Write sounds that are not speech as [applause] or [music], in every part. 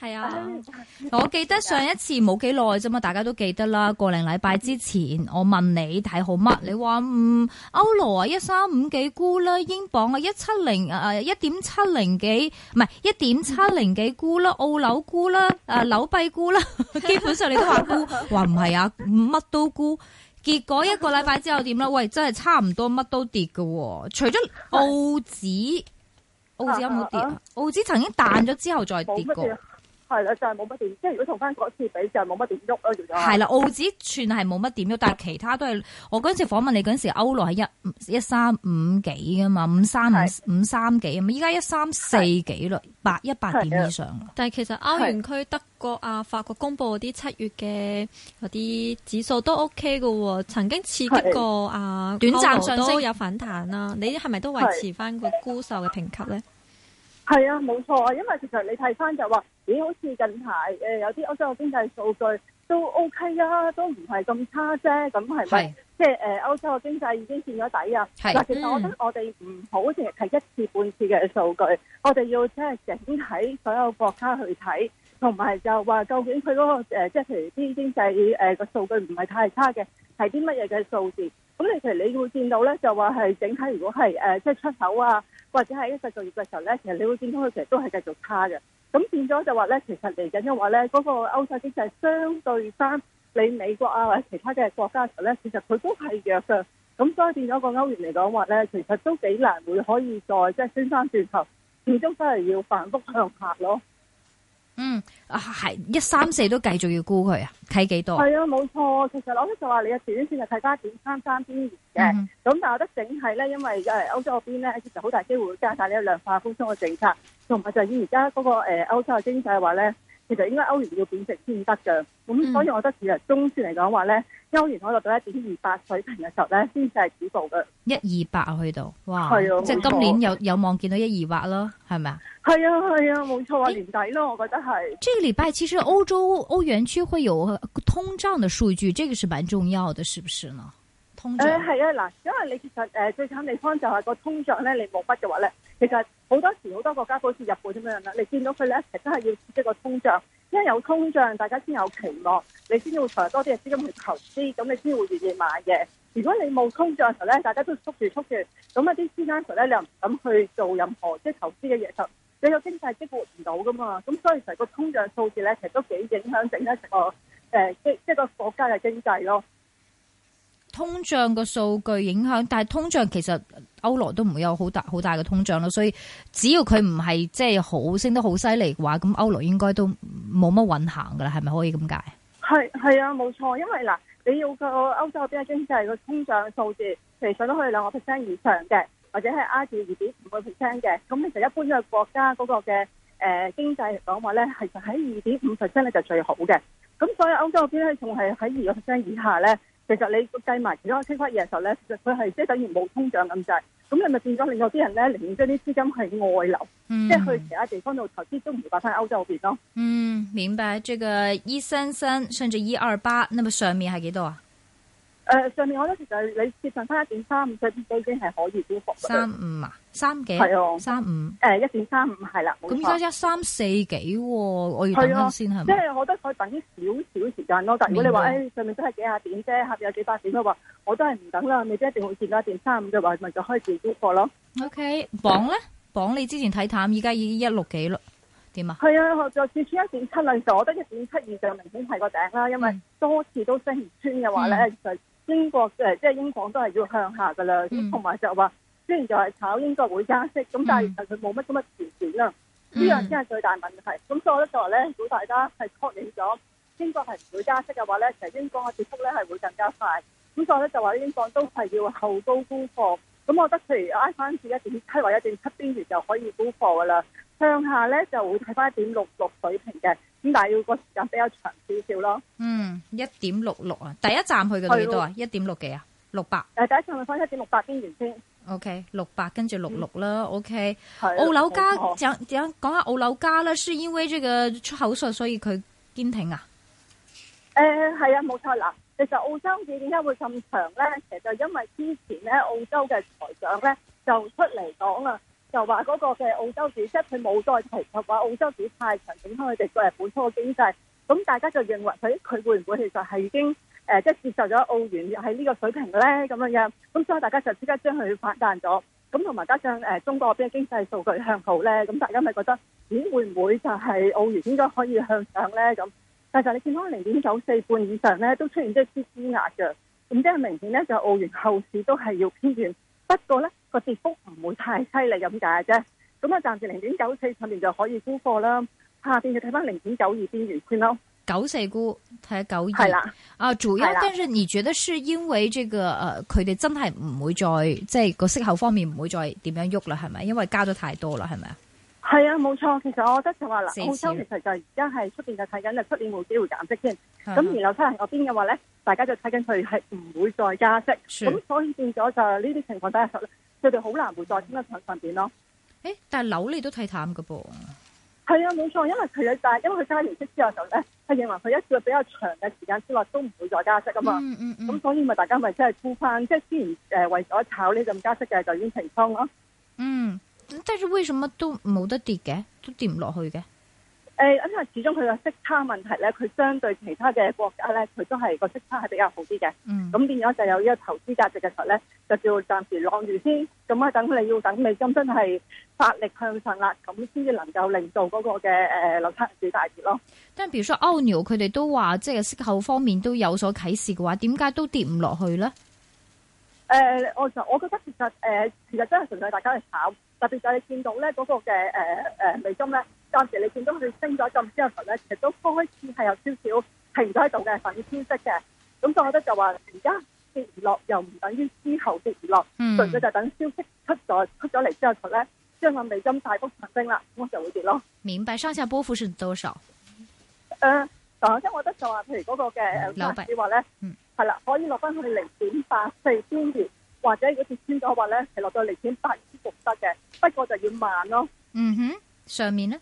係啊，我記得上一次冇幾耐啫嘛，大家都記得啦。個零禮拜之前，我問你睇好乜，你話嗯歐羅啊一三五幾沽啦，英鎊啊一七零誒一點七零幾，唔係一點七零幾沽啦，澳紐沽啦，誒紐幣沽啦， [laughs] 基本上你都話沽，話唔係啊，乜都沽。結果一個禮拜之後點啦？喂，真係差唔多乜都跌㗎喎。除咗澳紙，是澳紙有冇跌啊？啊澳紙曾經彈咗之後再跌過。係啦，就係冇乜點，即係如果同翻嗰次比，就係冇乜點喐咯，叫做係啦，澳指子算係冇乜點喐，但係其他都係，我嗰陣時訪問你嗰陣時歐 1, 1, 3,，歐羅係一一三五幾噶嘛，五三五五三幾啊嘛，依家一三四幾咯，百一百點以上的。但係其實歐元區德國的啊、法國公布嗰啲七月嘅嗰啲指數都 OK 噶，曾經刺激過的啊，短暫上升，啊、有反彈啦。你係係咪都維持翻個沽售嘅評級咧？係啊，冇錯啊，因為其實你睇翻就話，咦，好似近排誒有啲歐洲嘅經濟數據都 OK 啊，都唔係咁差啫，咁係咪？是即係誒、呃，歐洲嘅經濟已經見咗底啊。嗱是，其實我覺得我哋唔好淨係一次半次嘅數據，我哋要即係整體所有國家去睇，同埋就話究竟佢嗰、那個誒、呃，即係譬如啲經濟誒個、呃、數據唔係太差嘅，係啲乜嘢嘅數字？咁你其實你會見到咧，就話係整體如果係誒、呃、即係出口啊。或者喺一製造業嘅時候咧，其實你會見到佢其實都係繼續差嘅，咁變咗就話咧，其實嚟緊嘅話咧，嗰、那個歐洲經濟相對翻你美國啊或者其他嘅國家嘅時候咧，其實佢都係弱嘅，咁所以變咗個歐元嚟講話咧，其實都幾難會可以再即係升翻轉頭，最終都係要反覆向下咯。嗯，啊係一三四都繼續要沽佢啊，睇幾多？係啊，冇錯，其實我咧就話你嘅短線就睇翻點三三邊嘅，咁、嗯、哼但係我覺得整體咧，因為誒歐洲嗰邊咧其實好大機會會加晒呢個量化寬鬆嘅政策，同埋就以而家嗰個誒歐洲嘅經濟話咧。其實應該歐元要貶值先得嘅，咁所以我覺得其實中綫嚟講話咧，歐元可以落到一點二八水平嘅時候咧，先至係起步嘅。一二八去到，哇，是啊、即係今年有有望見到一二八咯，係咪啊？係啊，係啊，冇錯啊，年底咯，誒我覺得係。呢個禮拜其實歐洲歐元區會有通脹的數據，這個是蠻重要嘅，是不是呢？通脹係、呃、啊，嗱，因為你其實誒最慘地方就係個通脹咧，你冇得嘅話咧，其實。好多時好多國家好似日本咁樣樣啦，你見到佢咧，其實真係要刺激個通脹，因為有通脹，大家先有期望，你先要投多啲嘅資金去投資，咁你先會願意買嘅。如果你冇通脹嘅時候咧，大家都捉住捉住，咁啊啲資金佢咧，你又唔敢去做任何即係投資嘅嘢，就你個經濟激活唔到噶嘛。咁所以其實個通脹數字咧，其實都幾影響整一成個誒即、呃、即個國家嘅經濟咯。通脹個數據影響，但係通脹其實。歐羅都唔會有好大好大嘅通脹咯，所以只要佢唔係即係好升得好犀利嘅話，咁歐羅應該都冇乜運行噶啦，係咪可以咁解？係係啊，冇錯，因為嗱，你要個歐洲嗰邊嘅經濟個通脹數字，其實上都可以兩個 percent 以上嘅，或者係 R 住二點五個 percent 嘅。咁其實一般嘅國家嗰個嘅誒經濟嚟講話咧，其實喺二點五 percent 咧就最好嘅。咁所以歐洲嗰邊係仲係喺二個 percent 以下咧。其實你計埋其他區塊嘢嘅時候咧，佢係即係等於冇通脹咁滯，咁你咪變咗另有啲人咧寧願將啲資金係外流，嗯、即係去其他地方度投資，都唔會發生喺歐洲嗰邊咯。嗯，明白。這個一三三甚至一二八，那麼上面係幾多啊？誒、呃，上面我得其實你切剩翻一點三五，上已經係可以沽貨三五啊，三幾係啊？三五誒，一點三五係啦。咁而家一三四幾，我要等翻先係。即係、啊、嗎我覺得可以等一少少時間咯。但如果你話誒白、哎，上面都係幾下點啫，下邊有幾百點嘅話，我都係唔等啦。你真一定要跌多跌三五嘅話可以，咪就開始沽貨咯。O K，綁咧，綁你之前睇淡，依家已經一六幾咯，點啊？係啊，就跌穿一點七啦。其我覺得一點七以上明顯係個頂啦，因為多次都升唔穿嘅話咧就。嗯英國誒即係英鎊都係要向下嘅啦，咁同埋就話雖然就係炒英國會加息，咁、嗯、但係其實佢冇乜咁嘅條件啦，呢個先係最大問題。咁、嗯、所以我咧就話咧，如果大家係確認咗英國係唔會加息嘅話咧，其實英鎊嘅跌幅咧係會更加快。咁所以咧就話英鎊都係要後高沽貨，咁我覺得譬如挨翻至一點七或一點七邊時就可以沽貨噶啦。向下咧就會睇翻一點六六水平嘅，咁但係要個時間比較長少少咯。嗯，一點六六啊，第一站去到幾多啊？一點六幾啊？六百。誒，第一站去翻一點六八邊緣先 68, okay, 600。O K，六百跟住六六啦。O okay K，的澳紐加，仲仲多講下澳紐加咧，是因為這個出口數，所以佢堅挺啊。誒、呃，係啊，冇錯啦。其實澳洲市點解會咁長咧？其實就因為之前咧澳洲嘅財長咧就出嚟講啦。就話嗰個嘅澳洲紙，即係佢冇再提及話澳洲紙太強影響佢哋個日本初個經濟。咁大家就認為佢佢會唔會其實係已經誒即係接受咗澳元喺呢個水平咧咁樣樣，咁所以大家就即刻將佢發彈咗。咁同埋加上誒中國嗰邊嘅經濟數據向好咧，咁大家咪覺得咦會唔會就係澳元應該可以向上咧？咁但係你見到零點九四半以上咧都出現咗一啲沽壓嘅，咁即係明顯咧就澳元後市都係要偏軟。不過咧個跌幅，唔會太犀利咁解啫，咁啊暫時零點九四上面就可以沽貨啦。下邊就睇翻零點九二邊緣先咯。九四沽，睇下九二。係啦的。啊主要，跟住你覺得是因為這個誒佢哋真係唔會再即係、就是、個息口方面唔會再點樣喐啦？係咪？因為加咗太多啦？係咪啊？係啊，冇錯。其實我覺得就話啦，的澳洲其實就而家係出邊就睇緊，就出年冇機會減息先。咁然後七銀嗰邊嘅話咧，大家就睇緊佢係唔會再加息，咁的所以變咗就呢啲情況底下就佢哋好難會再升得上上邊咯。誒，但係樓你都睇淡㗎噃，係啊，冇錯，因為佢咧就因為佢加完息之後就咧，係認為佢一次比較長嘅時間之內都唔會再加息噶嘛，咁、嗯嗯嗯、所以咪大家咪即係補翻，即係之前誒為咗炒呢陣加息嘅就已經平倉咯。嗯，但是為什麼都冇得跌嘅，都跌唔落去嘅？誒，因為始終佢個息差問題咧，佢相對其他嘅國家咧，佢都係個息差係比較好啲嘅。咁、嗯、變咗就有呢個投資價值嘅時候咧，就叫暫時晾住先。咁啊，等佢哋要等美金真係發力向上啦，咁先至能夠令到嗰個嘅誒六七字大跌咯。但係，譬如說歐牛，佢哋都話即係息口方面都有所啟示嘅話，點解都跌唔落去咧？誒，我就、呃、我覺得其實誒、呃，其實真係純粹大家去炒，特別就係你見到咧嗰、那個嘅誒誒美金咧，暫時你見到佢升咗咁之後咧，其實都開始係有少少停咗喺度嘅，反而飄息嘅。咁所以我覺得就話而家跌唔落，又唔等於之後跌唔落，純粹就等消息出咗出咗嚟，之後頭咧，將個美金大幅上升啦，咁就會跌咯。明白，上下波幅是多少？誒、呃，但即我覺得就話譬如嗰個嘅劉咧，呃係啦，可以落翻去零點八四千點，或者如果跌穿咗話咧，係落到零點八二都得嘅。不過就要慢咯。嗯哼，上面咧？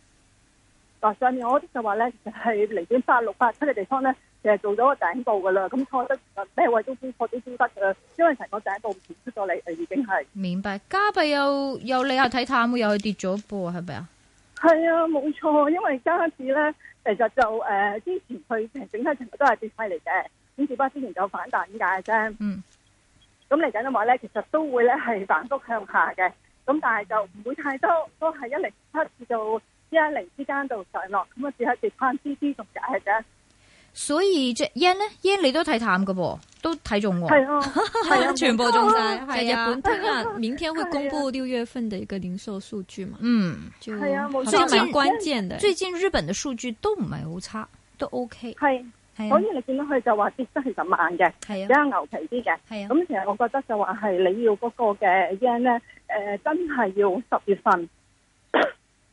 嗱、嗯，上面我啲就話咧，就係零點八六八七嘅地方咧，其實做咗個頂部噶啦。咁我覺得其實咩位都沽貨都都得噶啦，因為成個頂部跳出咗嚟，誒，已經係。明白。加幣又又你係睇淡嘅，又係跌咗噃，係咪啊？係啊，冇錯，因為加市咧其實就誒、呃、之前佢成整體情況都係跌勢嚟嘅。咁只不過之前就反彈咁解嘅啫，咁嚟緊嘅話咧，其實都會咧係反復向下嘅，咁但係就唔會太多，都係一零七至到一一零之間度上落，咁啊只係跌翻啲啲，咁解嘅啫。所以隻 yen 咧 yen 你都睇淡嘅噃，都睇中我，係啊，係啊，全部中晒。在日本聽日明天會公布六月份的一個零售數據嘛？嗯，係啊，冇錯，比較關鍵的。最近日本的數據都唔係好差，都 OK。係。啊、所以你見到佢就話跌得其實慢嘅，是啊、比較牛皮啲嘅。咁、啊、其實我覺得就話係你要嗰個嘅 yen 咧，誒、呃，真係要十月份，誒、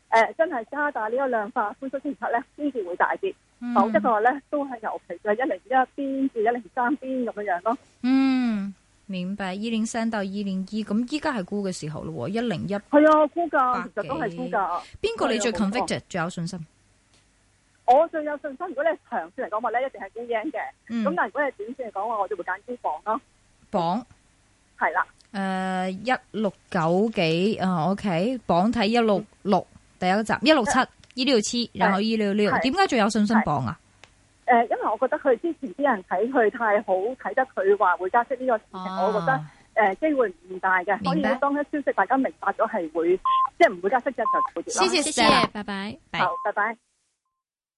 呃，真係加大呢個量化寬鬆政策咧，先至會大跌。嗯、否則嘅話咧，都係牛皮的，就一零一、一零二、一零三邊咁樣樣咯。嗯，明白。二零三到二零二，咁依家係沽嘅時候咯，一零一。係啊，沽價多其實都係沽價。邊個你最 confident 最有信心？我最有信心，如果你係長線嚟講話咧，一定係高 yen 嘅。咁但係如果你係短線嚟講話，我就會揀啲綁咯。綁係啦，誒一六九幾啊？OK，綁睇一六六第一集，一六七二六七，然後二六六，點解仲有信心綁啊？誒，因為我覺得佢之前啲人睇佢太好，睇得佢話會加息呢個事情，我覺得誒機會唔大嘅。所以當一消息大家明白咗，係會即係唔會加息嘅時候，會跌啦。多謝，多謝，拜拜，好，拜拜。